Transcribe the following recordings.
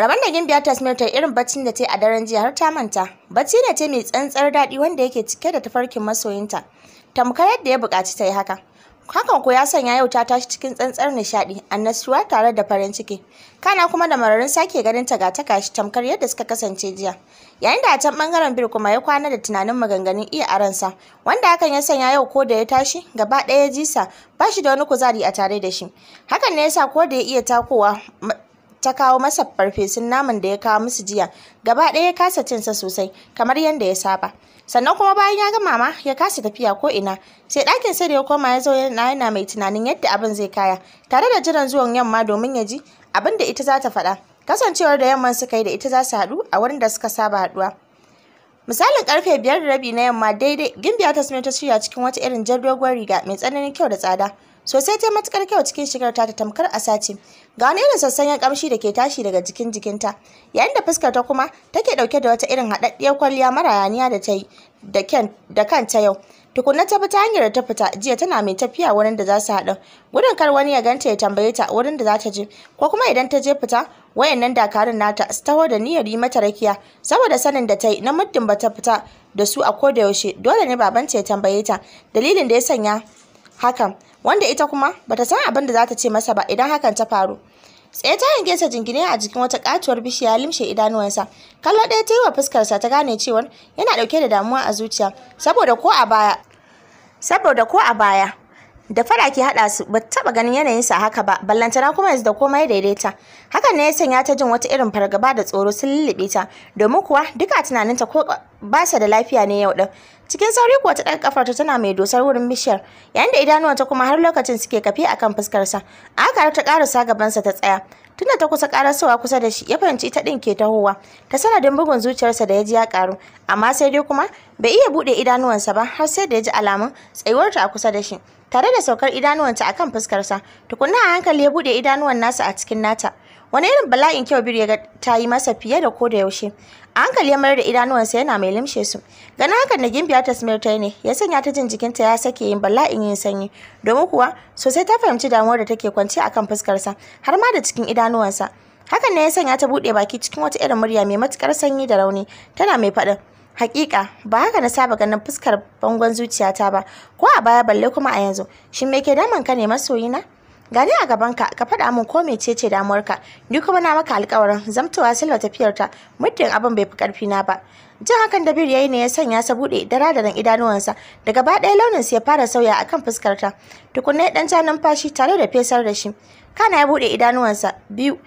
Raban da Gimbiya ta smirta irin baccin da ta yi a daren jiya har ta manta. Bacci ne yi mai tsantsar daɗi wanda yake cike da tafarkin masoyinta. Tamkar yadda ya buƙaci ta yi haka. Hakan ko ya sanya yau ta tashi cikin tsantsar nishaɗi, annasuwa, tare da farin ciki. Kana kuma da mararin sake ganin ta ga ta kashi tamkar yadda suka kasance jiya. Yayin da a can ɓangaren bir kuma ya kwana da tunanin maganganun iya a ransa, wanda hakan ya sanya yau ko da ya tashi gaba ɗaya jisa ba shi da wani kuzari a tare da shi. Hakan ne yasa ko da ya iya takowa ta kawo masa farfesun naman da ya kawo musu jiya gaba ɗaya ya kasa cinsa sosai kamar yadda ya saba sannan kuma bayan ya ga mama ya kasa tafiya ko ina sai ɗakin sai da ya koma ya zo yana yana mai tunanin yadda abin zai kaya tare da jiran zuwan yamma domin ya ji abin da ita za ta faɗa kasancewar da yamman suka yi da ita za su haɗu a wurin da suka saba haɗuwa misalin karfe biyar da rabi na yamma daidai gimbiya ta ta shirya cikin wata irin jar doguwar riga mai tsananin kyau da tsada sosai ta matukar kyau cikin shigar ta tamkar a sace ga wani irin sassanyen kamshi da ke tashi daga jikin jikinta yayin da fuskar ta kuma take dauke da wata irin haɗaɗɗiyar kwalliya mara yaniya da ta yi da kanta yau tukunna ta fita ta hanyar ta fita jiya tana mai tafiya wurin da za su haɗu gudun kar wani ya ganta ya tambaye ta wurin da za ta je ko kuma idan ta je fita wayannan dakarun nata su taho da niyyar yi mata rakiya saboda sanin da ta yi na muddin ba ta fita da su a ko da yaushe dole ne babanta ya tambaye ta dalilin da ya sanya hakan wanda ita kuma bata san abin da za ta ce masa ba idan hakan ta faru tsaye ta hange sa jingine a jikin wata katuwar bishiya limshe idanuwansa kallo ɗaya ta yi wa fuskarsa ta gane cewa yana ɗauke da damuwa a zuciya saboda ko a baya saboda ko a baya da fara ke haɗa su ba taɓa ganin yanayin sa haka ba ballantana kuma yanzu da komai daidaita hakan ne ya sanya ta jin wata irin fargaba da tsoro sun lullube ta domin kuwa duka tunaninta ko ba sa da lafiya ne yau ɗin cikin sauri kuwa ta ɗaga ta tana mai dosar wurin bishiyar yayin da idanuwanta kuma har lokacin suke kafi akan fuskarsa a haka ta sa gabansa ta tsaya tunda ta kusa karasowa kusa da shi ya fahimci ta din ke tahowa ta sanadin bugun zuciyarsa da ya ji ya karu amma sai dai kuma bai iya bude idanuwansa ba har sai da ya ji alamun tsayuwarta a kusa da shi tare da saukar idanuwanta akan fuskarsa tukunna a hankali ya buɗe idanuwan nasa a cikin nata wani irin bala'in kyau biri ga ta yi masa fiye da ko da yaushe a hankali ya mayar da idanuwansa yana mai limshe su ganin hakan na gimbiya ta smirtai ne ya sanya ta jin jikinta ya sake yin bala'in yin sanyi domin kuwa sosai ta fahimci damuwar da take kwanci akan fuskarsa har ma da cikin idanuwansa hakan ne ya sanya ta buɗe baki cikin wata irin murya mai matukar sanyi da rauni tana mai faɗin hakika ba haka na saba ganin fuskar bangon zuciyata ba ko a baya balle kuma a yanzu shin me ke daman ka ne masoyina gani a gaban ka Ka faɗa min ko mecece damuwarka ni kuma na maka alƙawarin zamtowa silva tafiyarta muddin abin bai fi ƙarfi na ba jin hakan da yayi ne ya sanya sa buɗe radaran idanuwansa da gaba ɗaya launin sa ya fara sauya a akan fuskarta tukunna ɗan ja numfashi tare da fesar da shi kana ya buɗe idanuwansa biyu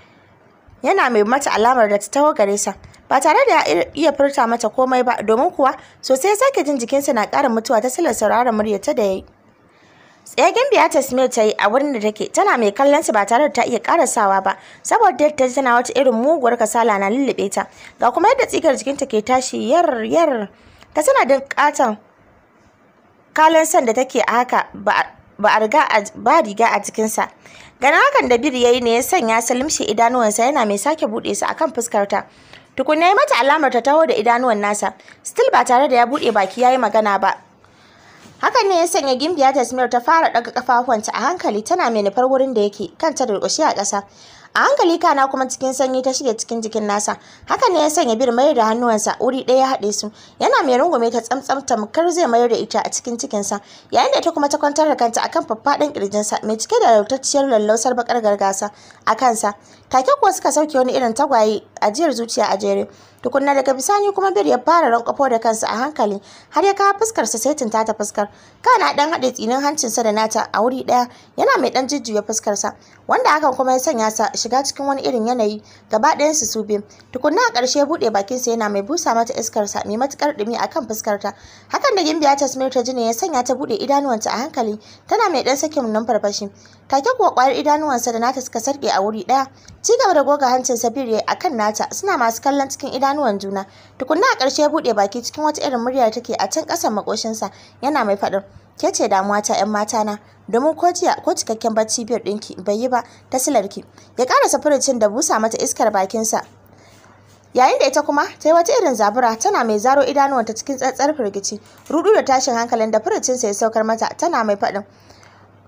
yana mai mata alamar da ta taho gare sa ba tare da iya furta mata komai ba domin kuwa sosai sake jin jikinsa na ƙara mutuwa ta silar sauraron muryarta da yayi tsayagen Beata smith ta yi a wurin da take tana mai kallon su ba tare da ta iya karasawa ba saboda yadda ta tana wata irin muguwar kasala na lullube ta ga kuma yadda tsikar jikinta ke tashi yar yar ta tana da katon kalan san da take a haka ba a riga ba riga a jikinsa ganin hakan da biri yayi ne ya sanya salimshi idanuwansa yana mai sake bude su akan fuskarta tukunna ya mata alamar ta taho da idanuwan nasa still ba tare da ya bude baki ya yi magana ba hakan ne ya sanya gimbiya tasmir ta fara daga kafafuwanta a hankali tana mai nufar wurin da yake kanta da durƙushe a ƙasa a hankali kana kuma cikin sanyi ta shige cikin jikin nasa hakan ne ya sanya bir mayar da hannuwansa wuri ɗaya ya haɗe su yana mai rungume ta tsamtsam tamkar zai mayar da ita a cikin cikinsa yayin da ita kuma ta kwantar da kanta akan faffaɗan ƙirjinsa mai cike da rautacciyar lallausar bakar gargasa a kansa take kuwa suka sauke wani irin tagwaye ajiyar zuciya a jere tukunna daga bisani kuma bir ya fara rankafo da kansa a hankali har ya kawo fuskar sa sai tinta ta fuskar kana dan hade tsinin hancin sa da nata a wuri daya yana mai dan jijjiya fuskar sa wanda hakan kuma ya sanya sa shiga cikin wani irin yanayi gaba ɗayan su sube tukunna a ƙarshe ya bude bakin sa yana mai busa mata iskar sa mai matukar dumi akan fuskar ta hakan da gimbiya ta smirta ne jini ya sanya ta buɗe idanuwanta a hankali tana mai dan sakin numfarfashi take kuwa kwayar idanuwansa da nata suka sarke a wuri ɗaya ci gaba da goga hancin sabir yayi akan nata suna masu kallon cikin idanuwan juna tukunna a karshe ya buɗe baki cikin wata irin murya take a can ƙasan makoshinsa yana mai faɗin ke ce damuwa ta 'yan mata na domin ko jiya ko cikakken bacci biyar ɗinki bai yi ba ta silarki ya ƙarasa cin da busa mata iskar bakinsa yayin da ita kuma ta yi wata irin zabura tana mai zaro idanuwanta cikin tsatsar firgici rudu da tashin hankalin da furucinsa ya saukar mata tana mai faɗin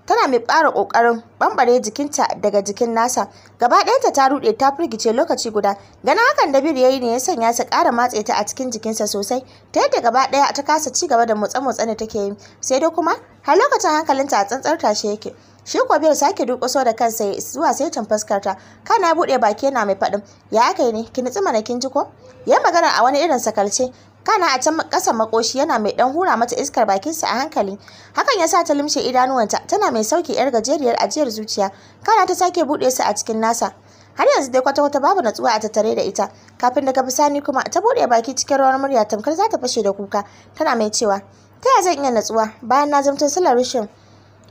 tana mai ƙara ƙoƙarin ɓambare jikinta daga jikin nasa gaba ɗayanta ta ruɗe ta firgice lokaci guda ganin hakan da biyu yayi ne ya sanya sa ƙara matse ta a cikin jikinsa sosai ta yadda gaba ɗaya ta kasa ci gaba da motsa-motsa ne take yi sai dai kuma har lokacin hankalinta a tsantsar tashi yake shi kuwa biyar sake durƙuso da kansa zuwa sai can fuskarta kana buɗe baki yana mai faɗin ya aka yi ne ki nutsi mana kin ji ko ya magana a wani irin sakalce kana a can ƙasan makoshi yana mai dan hura mata iskar bakinsa a hankali hakan ya sa ta limshe idanuwanta tana mai sauki yar gajeriyar ajiyar zuciya kana ta sake buɗe su a cikin nasa har yanzu dai kwata-kwata babu natsuwa a tattare da ita kafin daga bisani kuma ta buɗe baki cikin rawar murya tamkar za ta fashe da kuka tana mai cewa ta yaya zan iya natsuwa bayan na zamto sallar rushin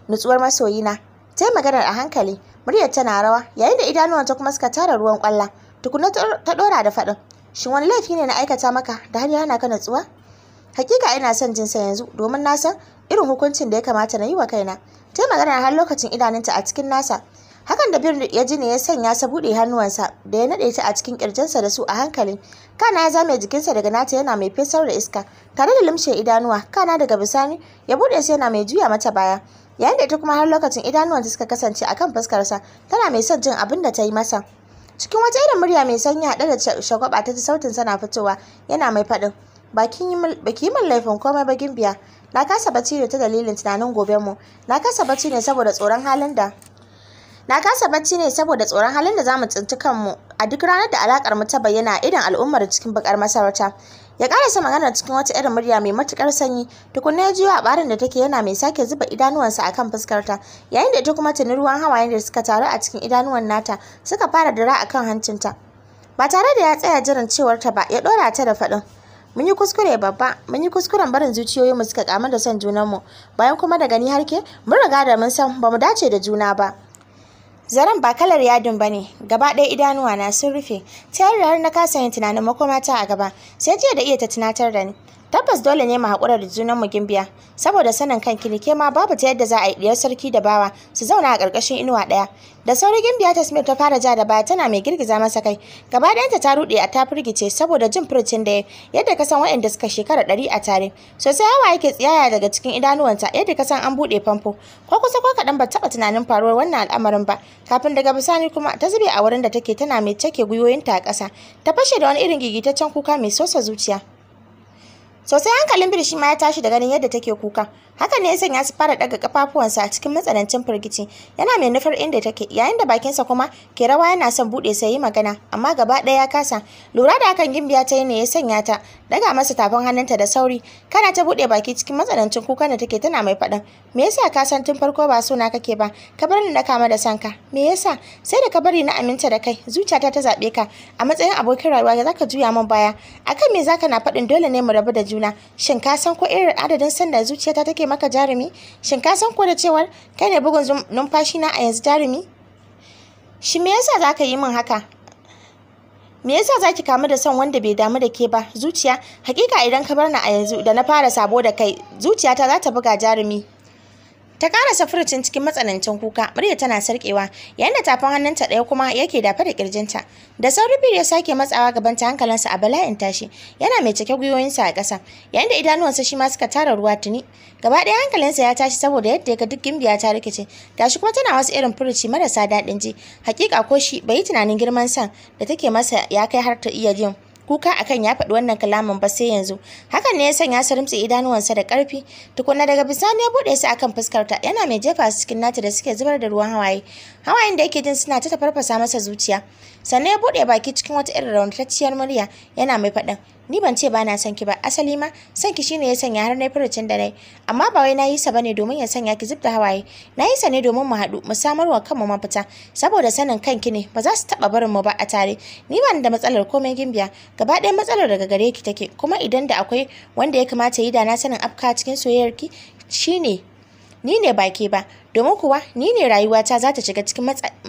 nutsuwar masoyina ta yi maganar a hankali muryar tana rawa yayin da idanuwanta kuma suka tara ruwan kwalla tukuna ta ɗora da faɗin shin wani laifi ne na aikata maka da har yana ka natsuwa hakika ina son jin sa yanzu domin na san irin hukuncin da ya kamata na yi wa kaina ta yi magana har lokacin idanunta a cikin nasa hakan da birnin ya ji ne ya sanya sa buɗe hannuwansa da ya nade ta a cikin ƙirjinsa da su a hankali kana ya zame jikinsa daga nata yana mai fesar da iska tare da limshe idanuwa kana daga bisani ya buɗe sai yana mai juya mata baya yayin da ita kuma har lokacin idanuwanta suka kasance akan fuskarsa tana mai son jin abin da ta yi masa cikin wata irin murya mai sanyi haɗe da shagwaba ta ta sautin sana fitowa yana mai faɗin yi min laifin komai bagin biya na kasa bacci ne ta dalilin tunanin gobe mu na kasa bacci ne saboda tsoron halin da na kasa bacci ne saboda tsoron halin da zamu tsinci kanmu a duk ranar da alakar mu ta bayyana idan al'ummar cikin bakar masarauta ya karasa magana cikin wata irin murya mai matukar sanyi tukunna ya juyo a barin da take yana mai sake zuba idanuwansa akan fuskarta yayin da ita kuma tuni ruwan hawaye da suka taru a cikin idanuwan nata suka fara dira akan hancinta ba tare da ya tsaya jiran cewarta ba ya dora ta da faɗin mun yi kuskure babba mun yi kuskuren barin mu suka kamar da son junanmu bayan kuma da gani harke mun riga da mun san ba mu dace da juna ba zaren ba kalar yadin ba ne gaba ɗaya idanuwa na sun rufe ta da har na kasa yin tunanin makomata a gaba sai jiya da iya ta tunatar da ni tabbas dole ne mu haƙura da junan mu gimbiya saboda sanin kan kinike ma babu ta yadda za a yi ɗiyar sarki da bawa su zauna a ƙarƙashin inuwa ɗaya da sauri gimbiya tasmir ta fara ja da baya tana mai girgiza masa kai gaba ɗayanta ta ruɗe a ta firgice saboda jin furcin da yadda ka san waɗanda suka shekara ɗari a tare sosai hawa yake tsiyaya daga cikin idanuwanta yadda ka san an buɗe famfo ko kusa ko kaɗan ba taɓa tunanin faruwar wannan al'amarin ba kafin daga bisani kuma ta zube a wurin da take tana mai cake gwiwoyinta a ƙasa ta fashe da wani irin gigitaccen kuka mai sosa zuciya sosai hankalin bir shi ma ya tashi da ganin yadda take kuka haka ne yasan ya su fara daga kafafuwansa a cikin matsanancin firgici yana mai nufar inda take yayin da bakinsa kuma ke rawa yana son bude sai yi magana amma gaba ɗaya ya kasa lura da hakan gimbiya ta yi ne ya sanya ta daga masa tafin hannunta da sauri kana ta buɗe baki cikin matsanancin kukan da take tana mai faɗan me yasa ka san tun farko ba so na kake ba ka bar ni na kama da sanka me yasa sai da ka bari na aminta da kai zuciyata ta zaɓe ka a matsayin abokin rayuwa zaka juya min baya akan me zaka na faɗin dole ne mu rabu da juna shin ka san ko irin adadin sanda zuciyata take maka jarumi shin ka san ko da cewar kai ne bugun numfashi na a yanzu jarumi shi me yasa zaka yi min haka me yasa zaki kamu da son wanda bai damu da ke ba zuciya hakika idan ka bar ni a yanzu da na fara sabo da kai zuciyata za ta buga jarumi ta sa furucin cikin matsanancin kuka murya tana sarkewa yayin da tafan hannunta ɗaya kuma yake dafa da kirjinta da sauri Bir ya sake matsawa gaban ta hankalinsa a bala'in tashi yana mai cike gwiwoyinsa a ƙasa yayin da idanuwansa shi ma suka tara ruwa tuni gaba ɗaya hankalinsa ya tashi saboda yadda ya ga duk gimbiya ta rikice shi kuma tana wasu irin furuci marasa daɗin ji hakika ko shi bai yi tunanin girman san da take masa ya kai har ta iya jin kuka akan ya faɗi wannan kalamin ba sai yanzu hakan ne ya sanya su rumtse idanuwansa da ƙarfi Tukuna daga bisani ya buɗe su akan fuskarta yana mai jefa su cikin nata da suke zubar da ruwan hawaye hawayen da yake jin suna ta tafarfasa masa zuciya sannan ya buɗe baki cikin wata irin raunatacciyar murya yana mai faɗin ni ban ce ba na son ki ba asali ma son ki shine ya sanya har na furucin da nai amma ba wai na yi sa bane domin ya sanya ki zubta hawaye na yi sa ne domin mu haɗu mu samar wa kanmu mafita saboda sanin kanki ne ba za su taɓa barin mu ba a tare ni ban da matsalar komai gimbiya gaba ɗaya matsalar daga gare ki take kuma idan da akwai wanda ya kamata yi da na sanin afka cikin soyayyar ki shine ni ne baki ba domin kuwa ni ne rayuwata za ta shiga cikin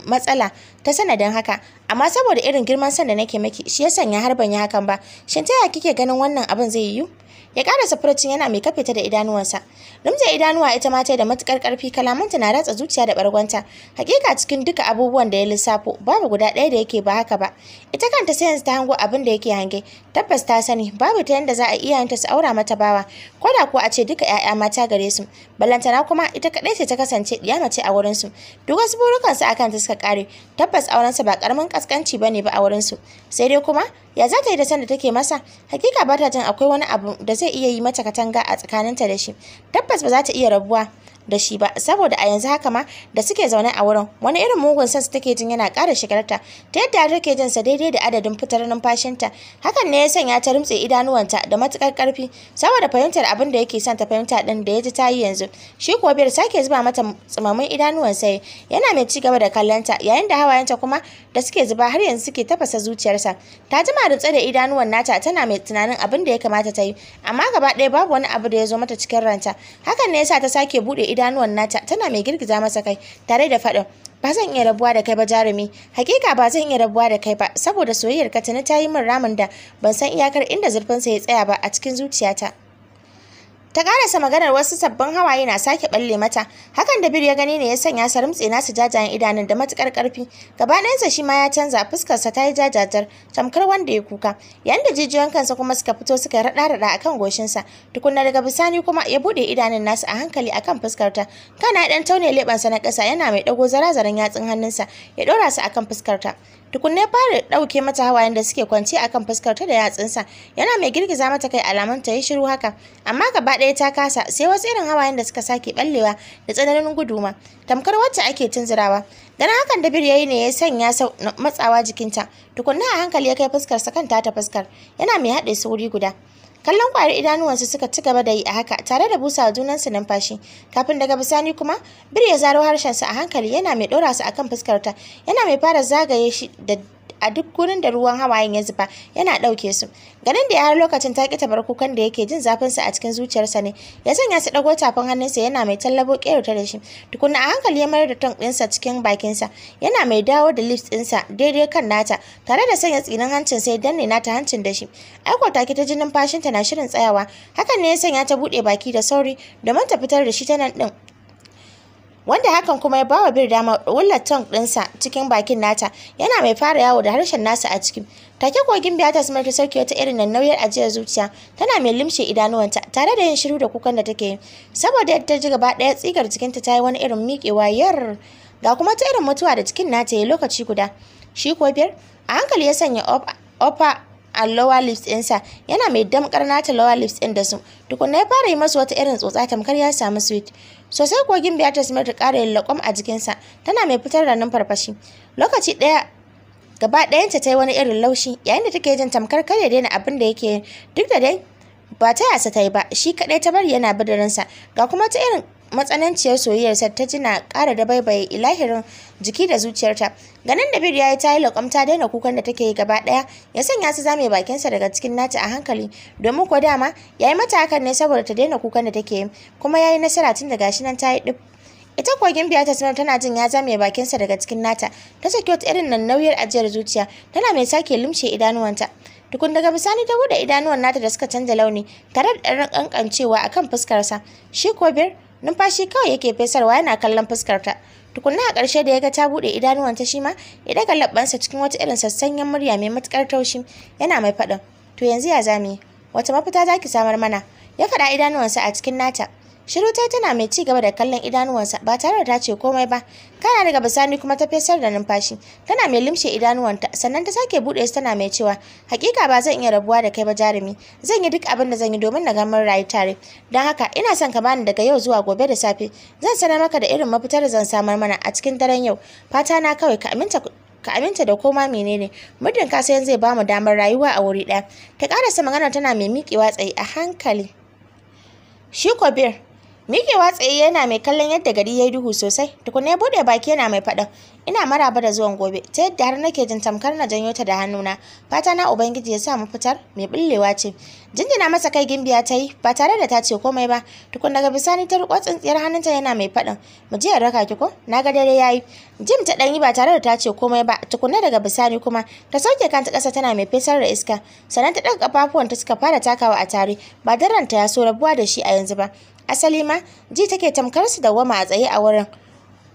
matsala ta sanadin haka amma saboda irin girman san da nake maki shi ya sanya har ban yi hakan ba shin ta ya kike ganin wannan abin zai yiwu ya karasa furcin yana mai kafeta da idanuwansa rumje idanuwa ita ma ta da matukar karfi kalamanta na ratsa zuciya da bargwanta hakika cikin duka abubuwan da ya lissafo babu guda ɗaya da yake ba haka ba ita kanta sai yanzu ta hango abin da yake hange tabbas ta sani babu ta yanda za a yanta su aura mata bawa ko da kuwa a ce duka 'ya'ya mata gare su balantana kuma ita kaɗai ce ta kasance ce mace a wurin su. duk wasu su akan ta suka kare tabbas auren sa ba karamin kaskanci bane ba a wurin su. sai dai kuma ya za ta yi da san da take masa hakika ba ta jin akwai wani abu da zai iya yi mata katanga a tsakaninta da shi tabbas ba za ta iya rabuwa da shi ba saboda a yanzu haka ma da suke zaune a wurin wani irin mugun sansa take jin yana ƙara shigarta ta yadda take jin sa daidai da adadin fitar numfashinta hakan ne ya sanya ta rumtse idanuwanta da matukar karfi saboda fahimtar abin da yake son ta fahimta din da ya ji ta yi yanzu shi kuwa biyar sake zuba mata tsumamin idanuwan sai yana mai ci gaba da kallonta yayin da hawayenta kuma da suke zuba har yanzu suke tafasa zuciyarsa ta jima da da idanuwan nata tana mai tunanin abin da ya kamata ta yi amma gaba ɗaya babu wani abu da ya zo mata cikin ranta hakan ne yasa ta sake buɗe idanuwan nata tana mai girgiza masa kai tare da faɗin ba zan iya rabuwa da kai ba jarumi hakika ba zan iya rabuwa da kai ba saboda soyayyar ka tuni ta yi min ramin da ban san iyakar inda zurfinsa ya tsaya ba a cikin zuciyata ta karasa maganar wasu sabbin hawaye na sake balle mata hakan da biyu ya gani ne ya sanya sa rumtse nasu jajayen idanun da matukar karfi gaba sa shi ma ya canza fuskarsa ta yi jajajar tamkar wanda ya kuka yanda jijiyoyin kansa kuma suka fito suka raɗa raɗa akan goshinsa tukunna daga bisani kuma ya bude idanun nasu a hankali akan fuskarta kana ɗan taune sa na kasa yana mai ɗago zarazaran yatsun hannunsa ya ɗora su akan fuskarta tukunne fara ɗauke mata hawayen da suke kwance akan fuskar ta da yatsunsa yana mai girgiza mata kai alamun ta yi shiru haka amma gaba ɗaya ta kasa sai wasu irin hawayen da suka sake ballewa da tsananin guduma tamkar wacce ake tunzurawa dan hakan da bir yayi ne ya sanya sau matsawa jikinta tukunna a hankali ya kai fuskar sa kanta ta fuskar yana mai haɗe su wuri guda kallon kwari idanuwansu suka ci gaba da yi a haka tare da busa su numfashi kafin daga bisani kuma bir ya zaro harshensa a hankali yana mai ɗora su akan fuskarta yana mai fara zagaye shi da a duk gurin da ruwan hawayen ya zuba yana ɗauke su ganin da ya har lokacin ta ƙi tabar kukan da yake jin zafin sa a cikin zuciyarsa ne ya sanya su ɗago tafin hannunsa yana mai tallabo ta da shi tukuna a hankali ya mayar da tong ɗinsa cikin bakinsa yana mai dawo da lips ɗinsa daidai kan nata tare da sanya tsinin hancin sai danne nata hancin da shi aiko take ta jinin ta na shirin tsayawa hakan ne ya sanya ta buɗe baki da sauri domin ta fitar da shi ta nan ɗin wanda hakan kuma ya ba wa bir dama wulla tong dinsa cikin bakin nata yana mai fara yawo da harshen nasa a cikin take kogin biya ta samar ta sauke wata irin nan nauyar ajiyar zuciya tana mai limshe idanuwanta tare da yin shiru da kukan da take yi saboda yadda ta ji gaba daya tsigar cikin ta yi wani irin miƙewa yar ga kuma ta irin mutuwa da cikin nata ya lokaci guda shi ko biyar a hankali ya sanya ofa a lower lips ɗinsa yana mai damƙar nata lower lips ɗin da su tukunna ya fara yi masu wata irin tsotsa tamkar ya samu sweet sosai kogin biya ta ta ƙara yin laƙwam a jikinsa tana mai fitar da numfarfashi lokaci ɗaya gaba ɗayanta ta yi wani irin laushi yayin da take jin tamkar kar ya daina abin da yake duk da dai ba ta yasa ta ba shi kaɗai ta bari yana bidirinsa ga kuma ta irin matsananciyar soyayyarsa ta jina kara ƙara da baibaye ilahirin jiki da zuciyarta ganin da ya yi ta yi lakwamta daina kukan da take yi gaba ɗaya ya sanya su zame bakinsa daga cikin nata a hankali domin ko dama yayi yi mata hakan ne saboda ta daina kukan da take yi kuma ya yi nasara tun da gashi nan tayi yi ita kogin biya ta sanar tana jin ya zame bakinsa daga cikin nata ta saki wata irin nan nauyar ajiyar zuciya tana mai sake limshe idanuwanta tukun daga bisani ta bude idanuwan nata da suka canza launi tare da ɗan kankancewa akan fuskarsa shi ko bir numfashi kawai yake fesarwa yana kallon fuskarta tukunna a ƙarshe da ya ga ta buɗe idanuwanta shi ma ya daga labbansa cikin wata irin sassanyen murya mai matuƙar taushi yana mai faɗin to yanzu ya zame wata mafita za ki samar mana ya faɗa idanuwansa a cikin nata Shiru ta tana mai ci gaba da kallon idanuwansa ba tare da ta ce komai ba. Kana daga bisani kuma ta fesar da numfashi. Tana mai limshe idanuwanta sannan ta sake buɗe su tana mai cewa hakika ba zan iya rabuwa da kai ba jarumi. Zan yi duk abin da zan yi domin na ga mun rayu tare. Don haka ina son ka bani daga yau zuwa gobe da safe. Zan sanar maka da irin mafitar da zan samar mana a cikin daren yau. Fata na kawai ka aminta ka aminta da koma menene muddin ka sayan zai bamu damar rayuwa a wuri ɗaya ta ƙarasa magana tana mai miƙewa tsaye a hankali shi ko bir Mikewa tsaye yana mai kallon yadda gari ya yi duhu sosai, tukuna ya buɗe baki yana mai faɗa ina maraba da zuwan gobe, ta yadda har nake jin tamkar na janyo ta da hannuna, fata na Ubangiji ya sa mu fitar mai bullewa ce. jinjina masa kai gimbiya ta yi ba tare da ta ce komai ba tukun daga bisani ta riko tsintsiyar hannunta yana mai faɗin mu je raka ki ko na ga dare yayi jim ta ɗanyi ba tare da ta ce komai ba tukunna daga bisani kuma ta sauke kanta ƙasa tana mai fesar da iska sannan ta ɗaga kafafuwan ta suka fara takawa a tare ba daren ta ya so rabuwa da shi a yanzu ba asali ma ji take tamkar su da wama a tsaye a wurin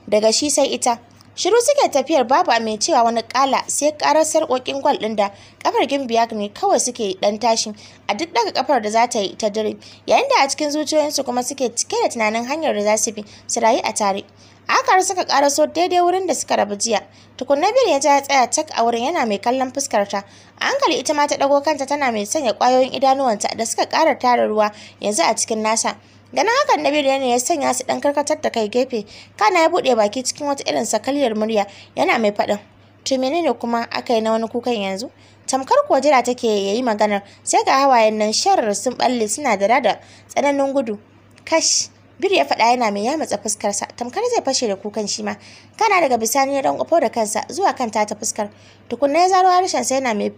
daga shi sai ita Shiru suke tafiyar babu mai cewa wani kala sai karar sarƙoƙin gwal ɗin da kafar gimbiya ne kawai suke ɗan tashi a duk daga kafar da za ta yi ta dire yayin da a cikin zuciyoyinsu kuma suke cike da tunanin hanyar da za su bi su rayu a tare. Akar suka karaso daidai wurin da suka rabu jiya. Tukunna biyar ya ja tsaya tak a wurin yana mai kallon fuskarta. A hankali ita ma ta ɗago kanta tana mai sanya ƙwayoyin idanuwanta da suka ƙara tara ruwa yanzu a cikin nasa. ganin hakan na biyu ne ya sanya su dan karkatar da kai gefe kana ya buɗe baki cikin wata irin sakaliyar murya yana mai faɗin to menene kuma aka yi na wani kukan yanzu tamkar kuwa jira take yayi maganar sai ga hawayen nan sharar sun balle suna da rada tsananin gudu kash Bir ya faɗa yana mai yamatsa fuskarsa tamkar zai fashe da kukan shi ma kana daga bisani ya rankwafo da kansa zuwa kan tata fuskar tukunna ya zaro harshen sai yana mai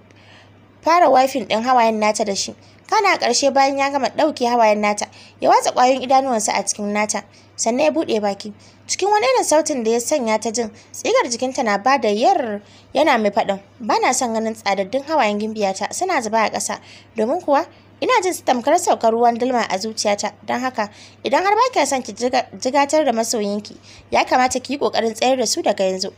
fara wifin ɗin hawayen nata da shi kana ƙarshe bayan ya gama ɗauke hawayen nata ya watsa ƙwayoyin idanuwansa a cikin nata sannan ya buɗe baki cikin wani irin sautin da ya sanya ta jin tsigar jikinta na ba da yar yana mai faɗin ba na son ganin tsadaddun hawayen gimbiyata suna zuba a ƙasa domin kuwa ina jin su tamkar saukar ruwan dulma a zuciyata don haka idan har ba ki son ki jigatar da masoyinki ya kamata ki yi ƙoƙarin tsayar da su daga yanzu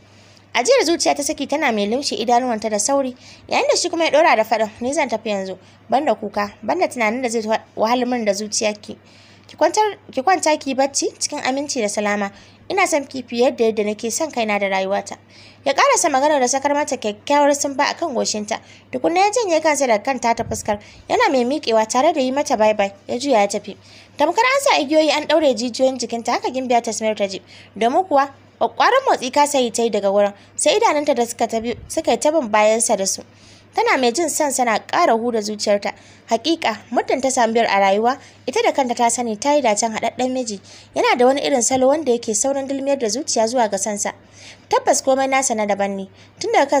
ajiyar zuciya ta saki tana mai laushi idanuwanta da sauri yayin da shi kuma ya dora da faɗin ni zan tafi yanzu banda kuka banda tunanin da zai wahal min da zuciya ki ki kwanta ki bacci cikin aminci da salama ina son ki fiye da yadda nake son kaina da rayuwata ya karasa maganar da sakar mata kyakkyawar sumba akan goshinta tukunna ya janye kansa da kanta ta fuskar yana mai miƙewa tare da yi mata bye bye ya juya ya tafi tamkar an sa igiyoyi an ɗaure jijiyoyin jikinta haka gimbiya ta smirta jib domin kuwa ƙwaƙwaran motsi ka sayi ta yi daga wurin sai idanunta da suka yi ta bin bayansa da su tana mai jin son sana ƙara huda zuciyarta hakika muddin ta sami biyar a rayuwa ita da kanta ta sani ta yi da can haɗaɗɗen miji yana da wani irin salo wanda yake saurin dulmiyar da zuciya zuwa ga sansa tabbas komai nasa na daban ne tun daga kan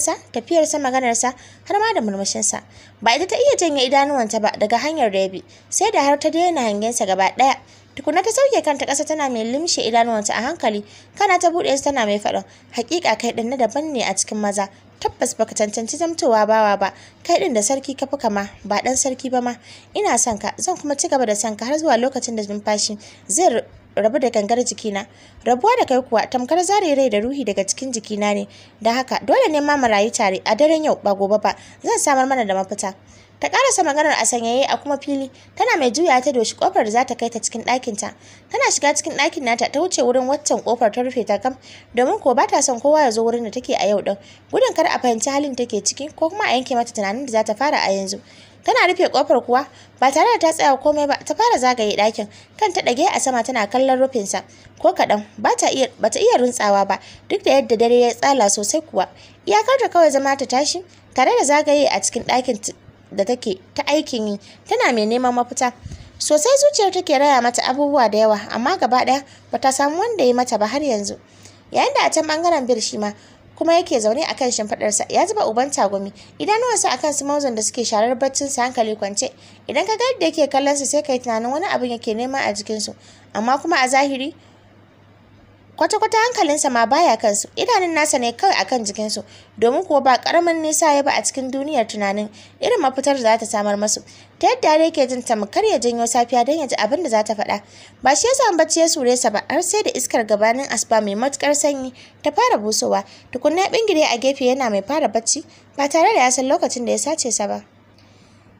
sa, tafiyarsa maganarsa har ma da murmushinsa ba ita ta iya janye idanuwanta ba daga hanyar da ya bi sai da har ta daina hangensa gaba ɗaya tukuna ta sauke kanta ƙasa tana mai limshe idanuwanta a hankali kana ta buɗe su tana mai faɗa hakika kai ɗin na daban ne a cikin maza tabbas baka cancanci zamtowa bawa ba kai ɗin da sarki ka fi kama ba ɗan sarki ba ma ina son ka zan kuma ci gaba da son ka har zuwa lokacin da numfashi zai rabu da gangar jikina rabuwa da kai kuwa tamkar zare rai da ruhi daga cikin jikina ne da haka dole ne ma mu rayu tare a daren yau ba gobe ba zan samar mana da mafita ta karasa maganar a sanyaye a kuma fili tana mai juya ta doshi kofar da za ta kai ta cikin ɗakinta tana shiga cikin ɗakin nata ta wuce wurin waccan kofar ta rufe ta kam domin ko ba ta son kowa ya zo wurin da take a yau din gudun kar a fahimci halin take ciki ko kuma a yanke mata tunanin da za ta fara a yanzu tana rufe kofar kuwa ba tare da ta tsaya komai ba ta fara zagaye ɗakin kan ta ɗage a sama tana kallon rufin sa ko kaɗan ba ta iya ba ta iya runtsawa ba duk da yadda dare ya tsala sosai kuwa iyakar ta kawai zama ta tashi tare da zagaye a cikin ɗakin da take ta aikin yi tana mai neman mafita sosai zuciyar take raya mata abubuwa da yawa amma gaba ɗaya ta samu wanda ya mata ba har yanzu yayin da a can bangaren bir shi ma kuma yake zaune a kan shimfiɗarsa ya zuba uban tagumi idanuwansa a kan simouzon da suke sharar baccinsa hankali kwance idan ka ga yadda yake kallon su sai ka yi tunanin wani abin yake nema a jikinsu amma kuma a zahiri kwata-kwata hankalinsa ma baya kansu idanun nasa ne kawai akan jikinsu domin kuwa ba karamin nisa ya ba a cikin duniyar tunanin irin mafitar da za ta samar masu ta yadda dai yake jin tamkar ya janyo safiya don ya ji abin da za ta faɗa ba shi ya samu bacci ya sure sa ba har sai da iskar gabanin asba mai matukar sanyi ta fara busowa tukunna bingire a gefe yana mai fara bacci ba tare da ya san lokacin da ya sace sa ba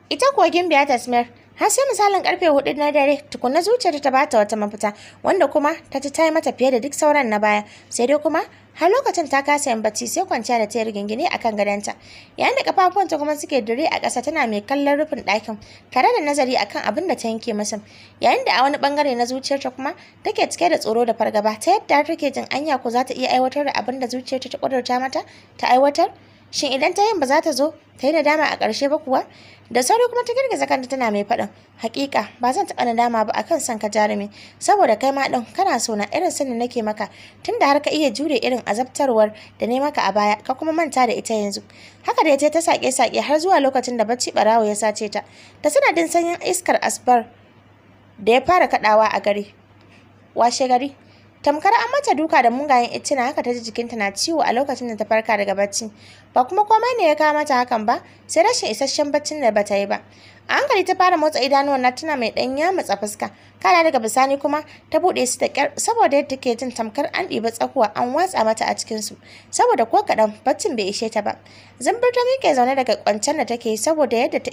ita kuwa gimbiya tasmir har sai misalin karfe hudu na dare tukunna zuciyar ta bata wata mafita wanda kuma ta ci ta yi mata fiye da duk sauran na baya sai dai kuma har lokacin ta kasa yin bacci sai kwanciya da tayar gingine a kan gadonta yayin da kafafuwanta kuma suke dure a ƙasa tana mai kallon rufin ɗakin tare da nazari akan abin da ta yanke masa yayin da a wani bangare na zuciyarta kuma take cike da tsoro da fargaba ta yadda take jin anya ko za ta iya aiwatar da abin da zuciyarta ta kudurta mata ta aiwatar shin idan ta yin ba za ta zo ta yi nadama a ƙarshe ba kuwa da sauri kuma ta girgiza kanta tana mai faɗin hakika ba zan taɓa nadama ba akan san ka jarumi saboda kai ma ɗin kana so na irin sanin nake maka tunda har ka iya jure irin azabtarwar da ne maka a baya ka kuma manta da ita yanzu haka da ya ta ta saƙe-saƙe har zuwa lokacin da bacci ɓarawo ya sace ta ta sanadin sanyin iskar asbar da ya fara kaɗawa a gari washe gari tamkar an mata duka da mungayen iccina haka ta ji jikinta na ciwo a lokacin da ta farka daga bacci ba kuma komai ne ya kawo mata hakan ba sai rashin isasshen baccin da bata yi ba a hankali ta fara motsa idanuwan na tana mai ɗanya matsa fuska kana daga bisani kuma ta buɗe su da ƙyar saboda yadda take jin tamkar an ɗiba tsakuwa an watsa mata a cikin su saboda ko kaɗan baccin bai ishe ta ba zumbir ta miƙe zaune daga kwancen da take saboda yadda ta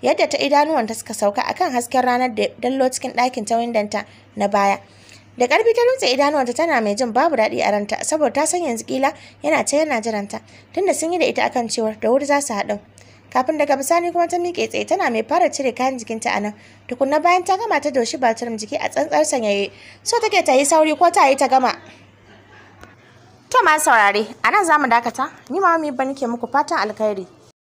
yadda ta idanuwanta suka sauka akan hasken ranar da dallo cikin ɗakin ta windanta na baya da karfi ta nutsa idanuwanta tana mai jin babu daɗi a ranta saboda ta san yanzu kila yana ta yana jiranta tunda sun yi da ita akan cewar da wuri za su haɗu kafin daga bisani kuma ta miƙe tsaye tana mai fara cire kayan jikinta a nan tukunna bayan ta gama ta doshi batirin jiki a tsantsar sanyaye so take ta yi sauri ko ta yi ta gama to ma saurare a nan za mu dakata ni ma mu yi ba nake muku fatan alkhairi